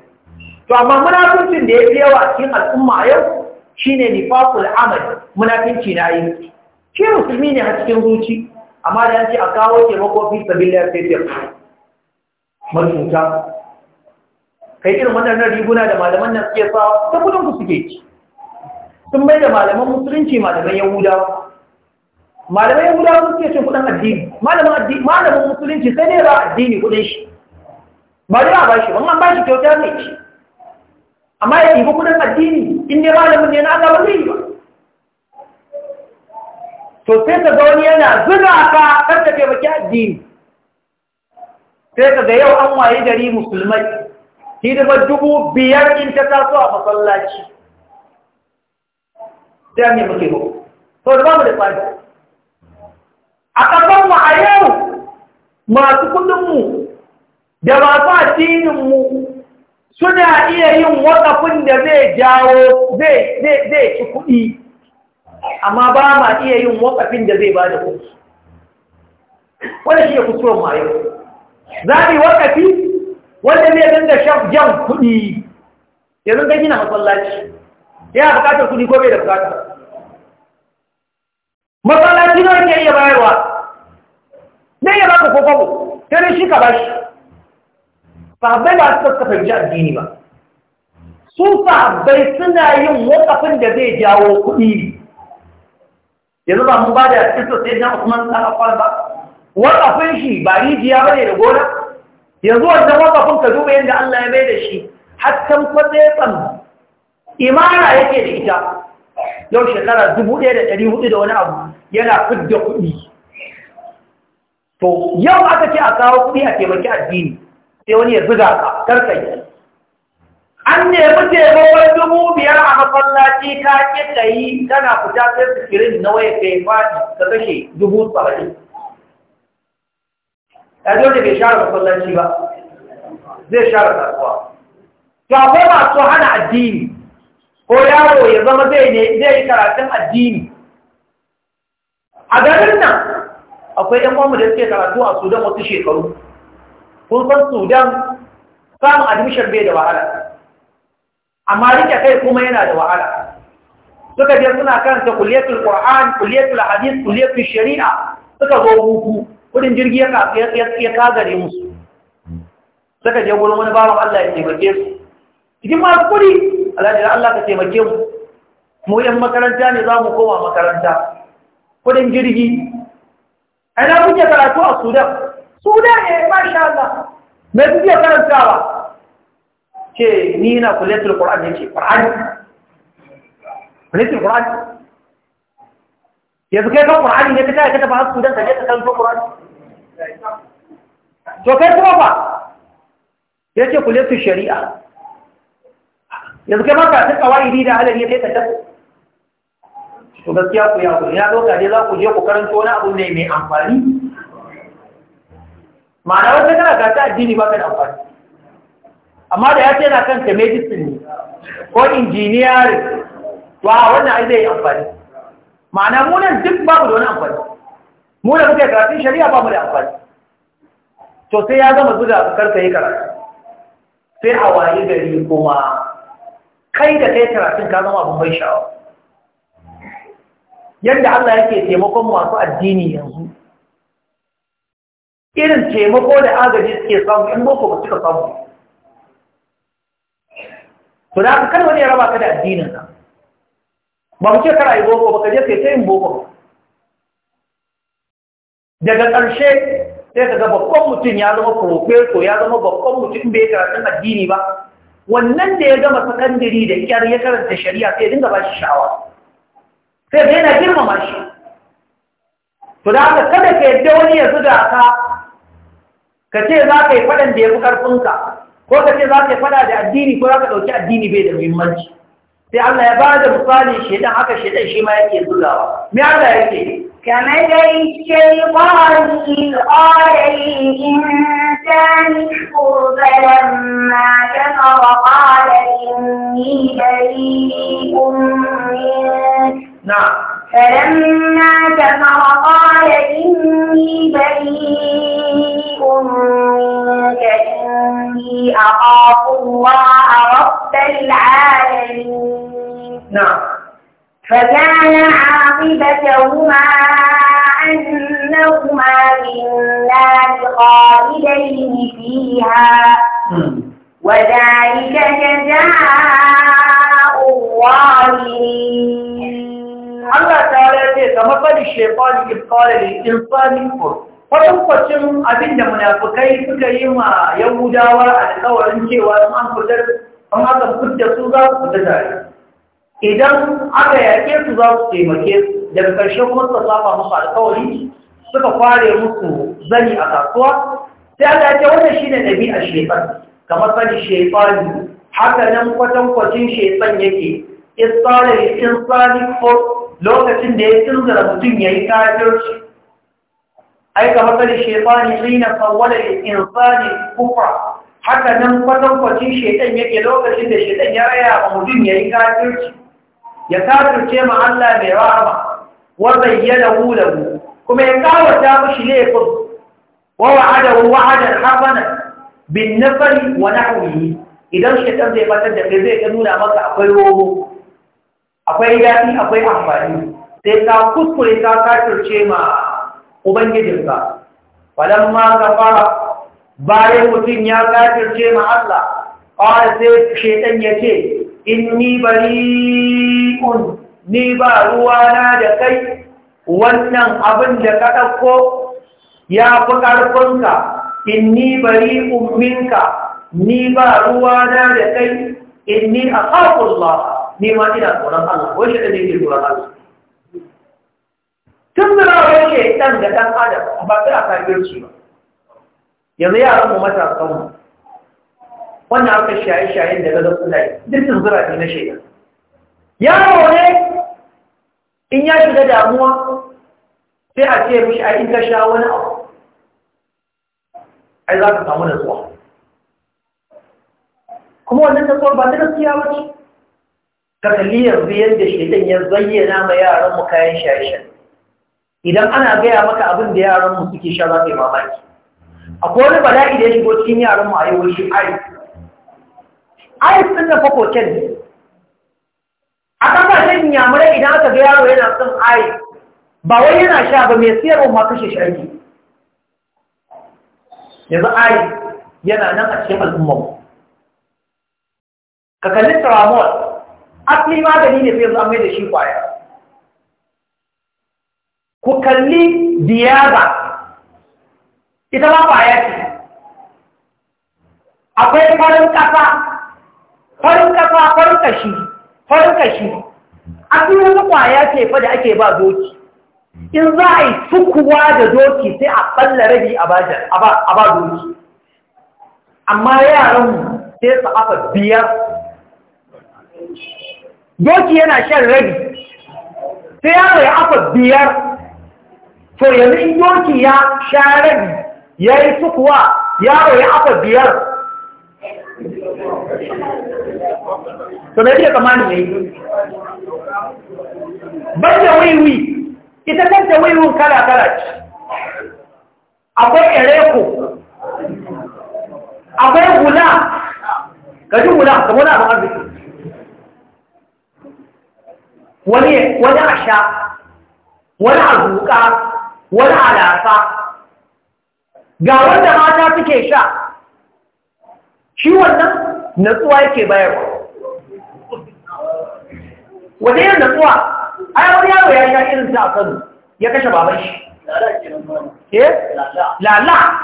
[SPEAKER 1] to amma munafurcin da ya fi yawa a cikin al'umma a yau ne nifaqul amal munafinci na yi shi musulmi ne a cikin zuci amma da yanci a kawo taimako fi sabilillah sai ta mutunta kai irin wannan riguna da malaman nan suke sa ta kudin ku suke ci sun bai da malaman musulunci malaman yahuda malaman yahuda sun suke cin kudin addini malaman musulunci sai ne ra addini kudin shi ba dai ba, bashi wannan bashi kyauta ne ci amma ya ɗibi kudin addini in ne malamin ne na Allah ba zai yi ba to sai ka ga wani yana zuga ka kan ka taimaki addini sai ka ga yau an waye gari musulmai hidimar dubu biyar in ta taso a masallaci sai me muke ba to da mu da tsari a ƙasar mu a yau masu kudinmu da masu addininmu suna iya yin wakafin da zai jawo zai ci kuɗi amma ba ma iya yin wakafin da zai ba da kuɗi wanda shi ya kusurin mayo za a yi wakafi wanda zan da dinga jan kuɗi ya zan zanga na masallaci ya bukatar kuɗi ko bai da bukatar masallaci nawa ke iya bayarwa zai iya baka kokobo sai dai shi ka bashi sahabbai ba su suka fahimci addini ba su sahabbai suna yin wakafin da zai jawo kuɗi yanzu ba mu ba da kisa sai na usman ɗan afan ba wakafin shi ba rijiya ba ne da gona yanzu wannan wakafin ka duba yadda allah ya mai da shi hattan kwatsetsan imara yake da ita yau shekara dubu ɗaya da ɗari hudu da wani abu yana fidda kuɗi to yau aka ce a kawo kuɗi a taimaki addini sai wani ya zuga ka karka yi an nemi taimakon dubu biyar a masallaci ka ka yi kana fita sai sikirin na waya kai fadi ka kashe dubu saba'in ya zo da bai share masallaci ba zai share kasuwa to akwai masu hana addini ko yaro ya zama zai ne zai yi karatun addini a garin nan akwai yan mamu da suke karatu a sudan wasu shekaru kun san sudan samun admission bai da wahala amma rike kai kuma yana da wahala suka je suna karanta kulliyatul qur'an kulliyatul hadith kulliyatul shari'a suka zo hutu kudin jirgi ya ya kagare musu suka je gurin wani bawan Allah ya taimake su cikin masu kudi alhaji Allah ka taimake mu mu yan makaranta ne za mu koma makaranta kudin jirgi ana kuke karatu a sudan suna ne shi Allah mai duk ya karantawa ce ni na kuletul ne ce Qur'an kuletul Qur'an yanzu kai kan Qur'an ne ka kai kata ba hasu dan ka kan Qur'an to kai kuma fa ce kuletul shari'a yanzu kai ba ka kawa iri da halari kai ka tafi to gaskiya ku ya ku ya doka dai za ku je ku karanto wani abu ne mai amfani ma'ana wata kana ga ta addini ba ka da amfani amma da ya ce yana kan ta medicine ne ko engineering wa wannan ai zai yi amfani ma'ana mu nan duk babu da wani amfani mu da muke karatun shari'a ba mu da amfani to sai ya zama zuga ka karka yi karatu sai a waye gari kuma kai da kai karatun ka zama abin mai sha'awa yadda Allah yake taimakon masu addini yanzu irin taimako da agaji suke samu in boko ba suka samu to da kan wani ya raba ka da addinin ka ba mu ce kara yi boko ba ka je kai ta yin boko daga ƙarshe sai ka ga babban mutum ya zama profeso ya zama babban mutum bai karatun addini ba wannan da ya gama sakandiri da kyar ya karanta shari'a sai dinga ba shi sha'awa sai da yana girmama shi to da kada ka yadda wani ya zuga ka ka ce za ka yi faɗan da ya fi ƙarfinka ko ka ce za ka yi faɗa da addini ko za ka ɗauki addini bai da muhimmanci sai Allah ya
[SPEAKER 2] ba da misalin shaidan haka shaidan shi ma yake zugawa me Allah yake كمثل الشيطان إذ قال للإنسان اكفر فلما كفر قال إني بريء منك نعم فلما كفر قال إني بريء منك إني أخاف الله رب العالمين نعم فكان عاقبتهما أنهما في النار خالدين فيها نعم. وذلك جزاء الظالمين ce ga matsali shefani ifkare
[SPEAKER 1] da insani kur kwatankwacin abin da munafukai suka yi ma gudawa a alkawarin cewa sun an fitar an haka fitar su za su fita tare idan aka yake su za su taimake su daga ƙarshe kuma suka saba musu alkawari suka kware musu zani a kasuwa sai aka ce wannan shine a shefan kamar sani shefani haka nan kwatankwacin shefan yake isfare insani kur lokacin da ya tunzura mutum ya yi kafirci ai ga matsalin shefani tsina fawwada da insani kufa haka nan kwatankwacin shekan yake lokacin da shekan ya raya wa mutum ya yi kafirci ya kafirce ma Allah mai rahama wa wula mu kuma ya kawata mashi laifin wa hasana bin wa nahwihi idan shekan zai fatar da kai zai nuna maka akwai rogo akwai daɗi akwai amfani sai ka kuskure ka kafirce ma ubangijinka falan ma ka fara bayan mutum ya kafirce ma Allah ƙawar sai shaitan ya ce in ni bari un, ni ba ruwa na da kai wannan abin da ka ɗauko ya fi ƙarfinka in ni bari minka ni ba ruwa na da kai in ni a haƙullah ni ma ina tsoron Allah wai shi ne ke tsoron Allah tun da rawar ke dan da dan adam ba ta a kafirci ba yanzu yaran mu matasan mu wannan aka shaye-shayen da gaza suna duk sun zura ne na shaida yaro ne in ya shiga damuwa sai a ce mishi a in ka sha wani abu ai za ka samu nutsuwa. kuma wannan nasuwa ba ta gaskiya ba ce kalli yanzu yadda shaidan ya zayyana ma yaran mu kayan shaye-shaye idan ana gaya maka abin da yaran mu suke sha za mamaki A wani bala'i da ya shigo cikin yaran mu a yau shi ayis ayis sun na ken ne a kasashen yamurai idan aka ga yaro yana son ayis ba wai yana sha ba mai siyarwa ma kashe shari'a yanzu ayis yana nan a cikin al'ummar ka kalli tramol asali magani ne sai yanzu an mai da shi kwaya ku kalli diyaba ita ma kwaya ce akwai farin ƙasa farin ƙasa farin ƙashi farin ƙashi asali wani kwaya ce fa da ake ba doki in za a yi sukuwa da doki sai a tsalla rabi a ba doki amma yaran sai su afa biyar doki yana shan rabi sai yaro ya afa biyar to yanzu in doki ya sha rabi ya yi sukuwa yaro ya afa biyar
[SPEAKER 2] to mai fiye kamani ne ban da wiwi
[SPEAKER 1] ita kanta wiwin kala-kala ce akwai ereko
[SPEAKER 2] akwai hula
[SPEAKER 1] ji hula kamar na abin arziki wani wani wani azuka, wani a ga wanda mata suke sha shi wannan natsuwa yake bayarwa wata yin natsuwa a wani yaro ya sha irin ta a ya kashe baban shi
[SPEAKER 2] eh lala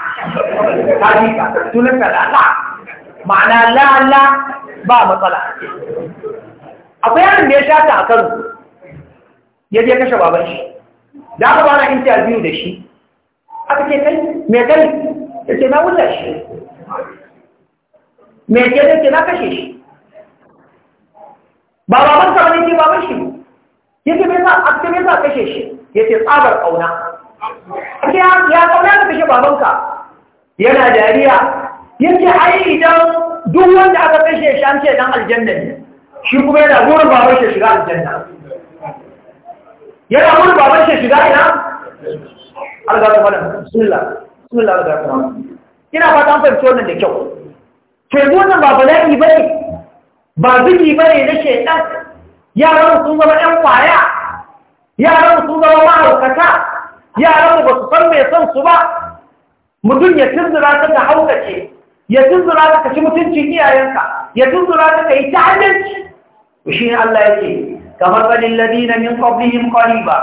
[SPEAKER 1] kaji ka tunanka lala ma'ana lala ba matsala akwai yaron da ya shata a kan ya je kashe baban shi da aka bana interview da shi aka ce kai me kai ya ce na wuta shi me ke da ke na kashe shi ba baban sa wani ke baban shi ya ce me sa ce mai sa kashe shi ya ce tsabar kauna ake ya kauna ka kashe babanka yana dariya ya ce ai idan duk wanda aka kashe shi an ce dan aljanna ne shi kuma yana gurin baban shi shiga aljanna yana gurin baban shi shiga ina alga ta bismillah bismillah alga ta mana ina fata an fahimci wannan da kyau to yanzu wannan ba bala'i bane ba zuki bane na shedan yaran sun zama ɗan kwaya yaran sun zama mahaukata yaran ba su san mai son su ba mutum ya tunzura ta ta haukace ya tunzura ta ka ci mutuncin iyayenka ya tunzura ta ka yi ta'addanci shi Allah yake kamar tsalin ladina min qablihim qariba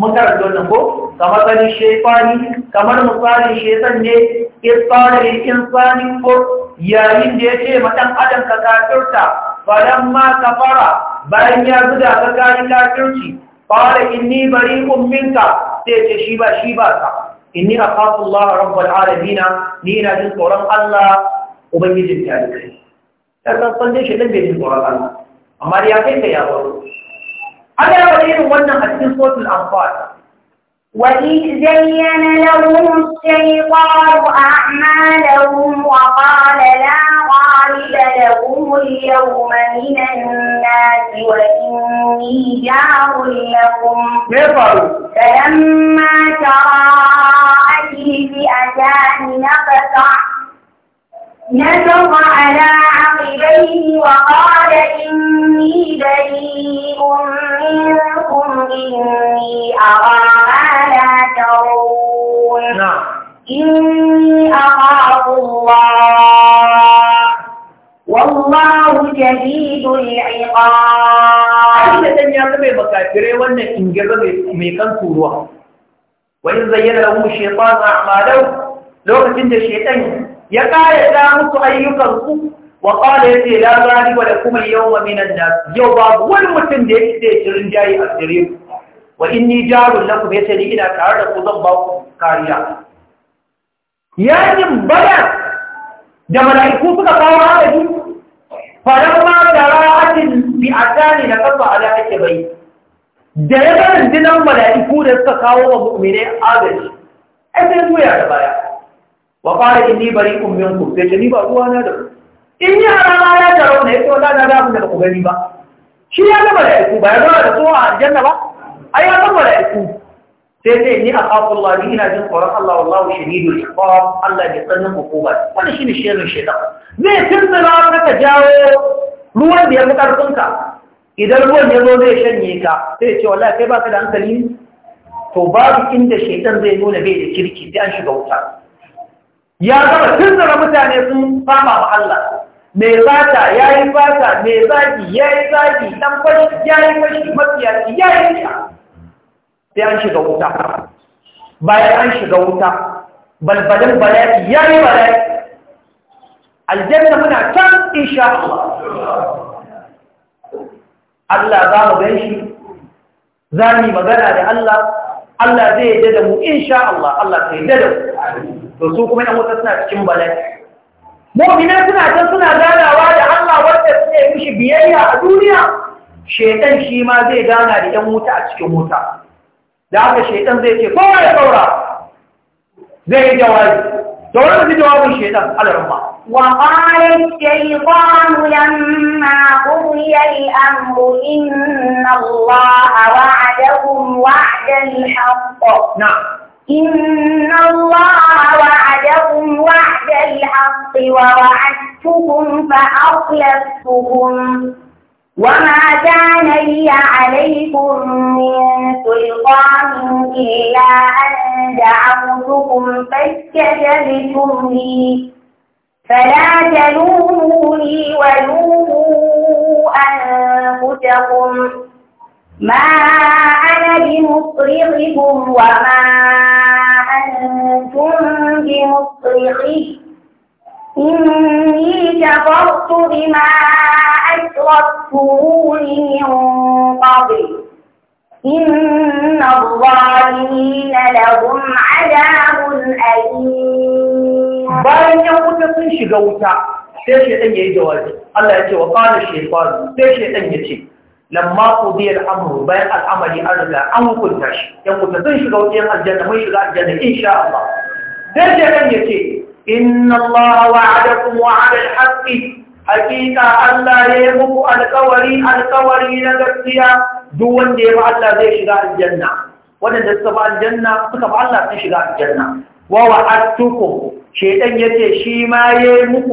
[SPEAKER 1] mutar don ko kamar tsalin shaytani kamar misalin shaytan ne isfara lil ko yayin da yace ma dan adam ka kafirta falamma fara, bayan ya zuga ka kai kafirci qala inni bari minka sai ce shi ba shi ba ka inni akhafu Allah rabbul alamin ni na jin tsoron Allah ubangijin kai. Ya san dai shi dan bai jin tsoron Allah amma ya kai ya baro Allah ya faɗi irin wannan a وإذ
[SPEAKER 2] زين لهم الشيطان أعمالهم وقال لا غالب لهم اليوم من الناس وإني جار لكم فلما تراءت الفئتان نقطع نزق على عقبيه وقال إني بريء منكم إني أرى ما
[SPEAKER 1] لا ترون نعم إني
[SPEAKER 2] أخاف الله والله شديد العقاب
[SPEAKER 1] أين أن يعتبر مكافرين وأن إنجلوا ميكان كوروا وإن زين لهم الشيطان أعماله لو كنت الشيطان ya ƙara ta musu ayyukansu wa ƙara ya ce la zari wa da kuma yau minan da yau babu wani mutum da ya ce shirin jayi a tsire wa in ni jarun na kuma ni ina tare da ku zan ba ku kariya yakin baya da mala'iku suka kawo adadi faran ma tara atin bi atani na kafa ala ake bai da ya ga rundunar mala'iku da suka kawo wa mu'mine agaji ai sai da baya wa fara inni bari kun minku sai ce ni ba ruwa na da in yi harama ya taro ne ya wala da gafin da ku gani ba shi ya gama da ku ba ya zama da tsohon aljanna ba ai ya gama da ku. sai ce ni a kafin lari ina jin tsoron Allah wallahu shahidu iqab Allah ya tsanin hukuma wannan shine shirin shaitan zai tunzura ka jawo ruwan da ya fi karfinka idan ruwan ya zo zai shanye ka sai ce wallahi kai baka da hankali to babu inda shaitan zai nuna bai da kirki sai an shiga wuta ya zama tunzura mutane sun fama wa Allah mai zata, ya yi fata mai zaki ya yi zaki ɗan fashi ya yi fashi matsiyaci ya yi fiya sai an shiga wuta bayan an shiga wuta balbalin balaki ya yi balaki aljanna muna can insha Allah Allah za mu gan shi za mu yi magana da Allah Allah zai yadda da mu insha Allah Allah sai yadda da mu to su kuma yan wuta suna cikin bala'i mu'mina suna can suna ganawa da Allah wanda suke mishi biyayya a duniya shedan shi ma zai gana da yan wuta a cikin wuta da haka shedan zai ce ko ya saura zai yi jawabi da wanda zai jawabin shedan alarma
[SPEAKER 2] وقال الشيطان لما قضي الأمر إن الله وعدكم وعد الحق نعم إن الله وعدكم وعد الحق ووعدتكم فأخلفتكم وما كان لي عليكم من سلطان إلا أن دعوتكم فاستجبتم لي فلا تلوموني ولوموا أنفسكم ما أنا بمصرخكم وما أنتم بمصرخي إني كفرت بما أشركتمون من قبل إن الظالمين لهم عذاب أليم بعد أن تكون شجوتا
[SPEAKER 1] سيشهد أن يجوز الله يجوز وقال الشيطان سيشهد أن يجوز lamma ku biyar amuru bayan al'amari an riga an hukunta shi yan kuta zai shiga wajen aljanna mun shiga aljanna insha Allah dan da kan yace inna Allah wa'adakum wa'ada al haƙƙi. hakika Allah ya yi muku alƙawari alƙawari na gaskiya duk wanda ya ba Allah zai shiga aljanna waɗanda suka ba aljanna suka ba Allah sun shiga aljanna wa shaidan ya yace shi ma ya muku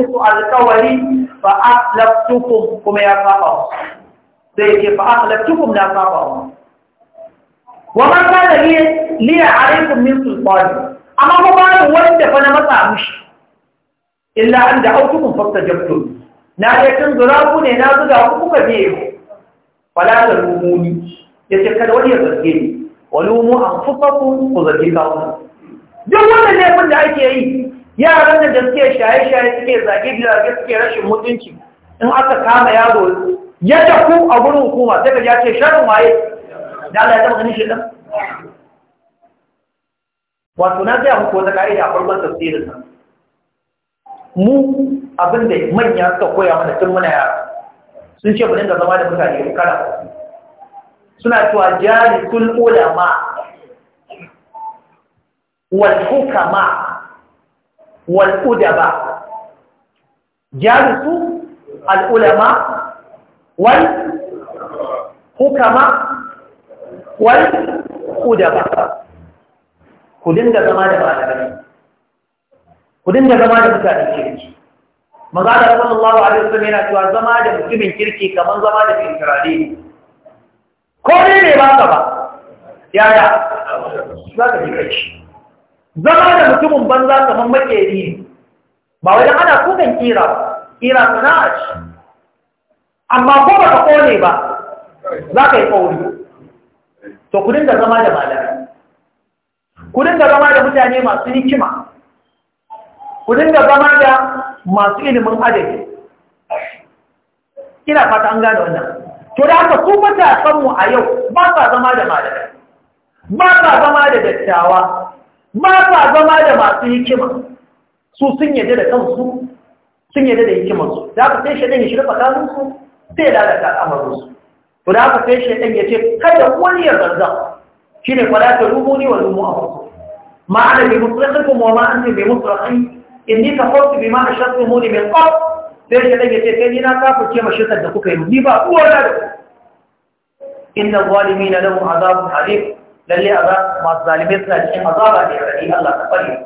[SPEAKER 1] muku alƙawari fa aslaftukum kuma ya kafa sai ce fa akhlaqtukum la sabahu
[SPEAKER 2] wa ma kana li li alaykum
[SPEAKER 1] min sultan amma ba ba wanda fa na matsa mushi illa an da'awtukum fastajabtum na ya kan zura ku ne na zuga ku kuka biye fala da ya yace kada wani ya zarge ni walumu anfusakum ku zarge kawo duk wannan laifin da ake yi yaran da suke shaye-shaye suke zage-zage suke rashin mutunci in aka kama yaro ya ku a gudun hukuma sai ka ya ce sharrin waye da Allah ya taba ganin shidan wato na zai hukuma ta ka'ida a farkon tafsirin nan mu abinda manya suka koya mana tun muna yara sun ce mu da zama da mutane ya kala suna cewa jalikul ulama wal hukama wal ba jari al al'ulama. wal hukama wal kudaba ku dinga zama da malamai ku dinga zama da mutane kirki maza da Allahu alaihi wasallam yana cewa zama da mutumin kirki kamar zama da kirkirare ne ko ne ne ba ka ba yaya za ka ji shi. zama da mutumin banza kamar makeri ne ba wajen ana kukan kira ba kira sana'a ce amma ko ba ka kone ba za ka yi kauri to ku dinga zama da malami, ku dinga zama da mutane masu hikima ku dinga zama da masu ilimin adadi, ina fata an gane wannan to da haka su matasanmu a yau ba sa zama da malami, ba sa zama da dattawa ba sa zama da masu hikima su sun yadda da kansu sun yadda da hikimarsu da aka sai shaɗin ya shirfa kanunsu zai lalata al'amarinsu to da haka sai shaitan ya ce kada wani ya zanza shi ne kwala ta rubu ne wa rubu a farko ma ana bi musulunkum wa ma antum bi musulunkum inni kafartu bima ashraftumuni min qabl sai shaitan ya ce sai ni na kafirce ma shirkar da kuka yi ni ba uwa na da inna zalimina lahum azabun alim lalle azab masu zalimai suna cikin azaba da yaradi Allah ta bari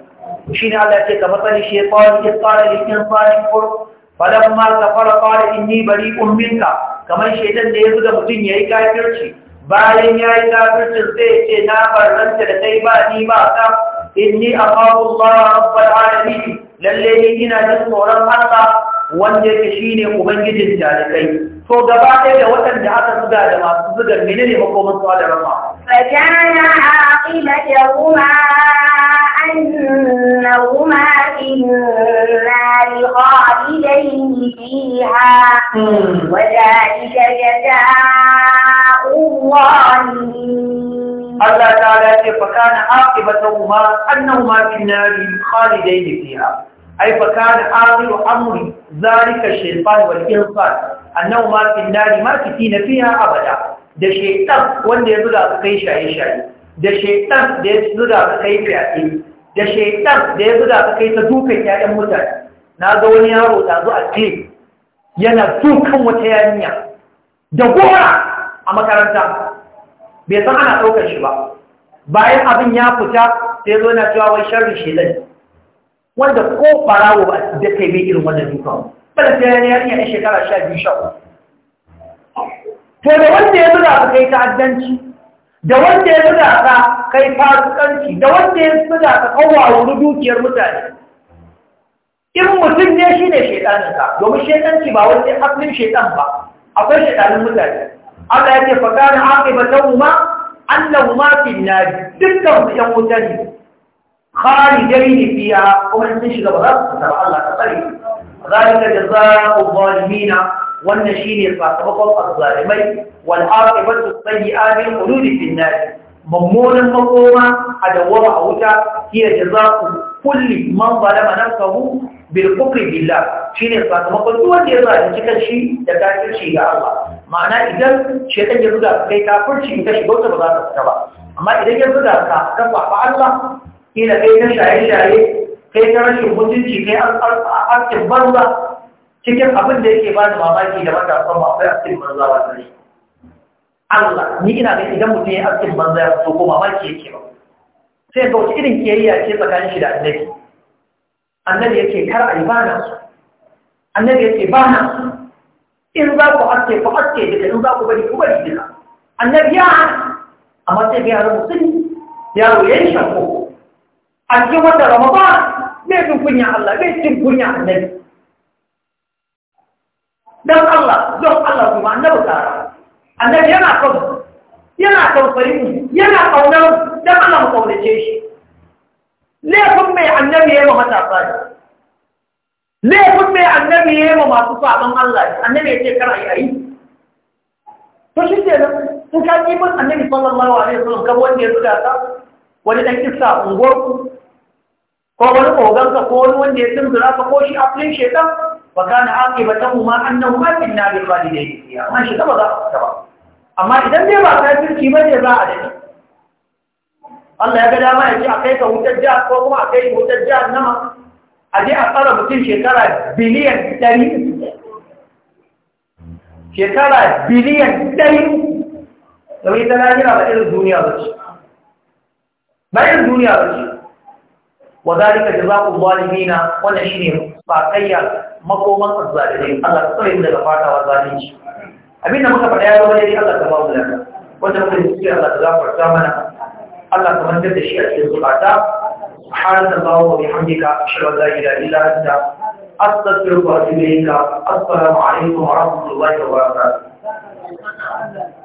[SPEAKER 1] shi ne Allah ya ce ka matsali shi ya tsari ya tsara da insani kurkur falamma safara qala inni bari'un minka kamar shaidan da ya zuga mutum yayi kafirci bayan yayi kafircin sai ya ce na barranta da kai ba ni ba ka inni akhafu Allah rabbul alamin lalle ni ina jin tsoron Allah wanda ne shine ubangijin jalikai to gaba ɗaya da waɗanda aka zuga da masu zugar menene makomin su da rama
[SPEAKER 2] فكان عاقبتهما أنهما في خالدين فيها وذلك جزاء الله
[SPEAKER 1] تعالى فكان عاقبتهما أنهما في النار خالدين فيها أي فكان آخر أمر ذلك الشيطان والإنسان أنهما في النار كتين فيها أبدا ده شيطان وانده يزرع سكي شاي شاي ده شيطان ده يزرع سكي فياتي ده شيطان ده يزرع سكي تدوك يا أمتان na ga wani yaro ɗazu a ce yana dukan wata yarinya da gora a makaranta bai san ana ɗaukar shi ba bayan abin ya fita sai zo na cewa wai sharri wanda ko barawo ba da kai bai irin wannan duka bala sai yana yarinya a shekara sha biyu sha to da wanda ya zuga ka kai ta'addanci da wanda ya zuga ka kai fasikanci da wanda ya zuga ka kawo a wuri dukiyar mutane in mutum ne shi ne shaidaninsa domin shaidanci ba wani asalin shaidan ba akwai shaidanin mutane Allah ya ba fakana aqibatan ma annahu ma fi nar dukkan su yan wuta ne khalidain fiha kuma sun shiga ba za su fita ba Allah ta tsare zalika jazaa'u zalimin wannan shine sakamakon azzalimai wal aqibatu sayyi'ati al-qulub fi nar mummunan makoma a dawowa a wuta da jazaa'u kulli man zalama nafsahu bil kufri billah shine sakamakon duk wanda ya zalunci shi da kafirci ga Allah ma'ana idan shaitan ya zuga kai kafirci in ka shiga wata ba za ka fita ba amma idan ya zuga ka ka fafa Allah kila kai ka shaye-shaye kai ta rashin mutunci kai askin banza cikin abin da yake bani mamaki da matasan ba akwai askin banza ba zai Allah ni ina ga idan mutum ya askin banza ya fito ko mamaki yake ba sai ba wata irin kiyayya ce tsakanin shi da annabi annabi yake kar a yi ba na su annabi yake ba na su in za ku aske ku aske duka in za ku bari ku bari duka annabi ya amma sai ga yaro musulmi yaro ya yi shako a cikin wata ramadan mai jin kunya Allah mai jin kunya annabi dan Allah don Allah kuma annabi tara annabi yana kan yana tausayin yana kaunar dan Allah mu shi laifin mai annabi ya yi ma matasa ne laifin mai annabi ya yi ma masu faɗin Allah ne annabi ya ce kar a yi? to shi ke nan in ka ji mun annabi sallallahu alaihi wasallam kan wanda ya zuga ka wani dan kissa unguwar ku ko wani kogan ka ko wani wanda ya tunzura ka ko shi aflin shedan wa kana aqibatahu ma annahu ma min nar khalidin ya man shi ba za ka ba amma idan dai ba kafirci ba ne za a daɗe Allah ya ga dama ya ce a kai ka wutar jihar ko kuma a kai wutar jihar nama a je a tsara mutum shekara biliyan ɗari shekara biliyan ɗari da wai ta lahira ba irin duniya ba ce ba irin duniya ba ce wa zalika jazaa'u zalimina wannan shine ba kayya makoman azzalimai Allah tsare mu daga fatawa zalunci abin da muka faɗa ya zama dai Allah ta ba mu lafiya wanda muka yi sai Allah ta gafarta mana Allah ta mantar da shi a cikin zubata subhanallahi wa bihamdika ashhadu an la ilaha illa anta أستغفرك وأتوب إليك السلام عليكم ورحمة الله
[SPEAKER 2] وبركاته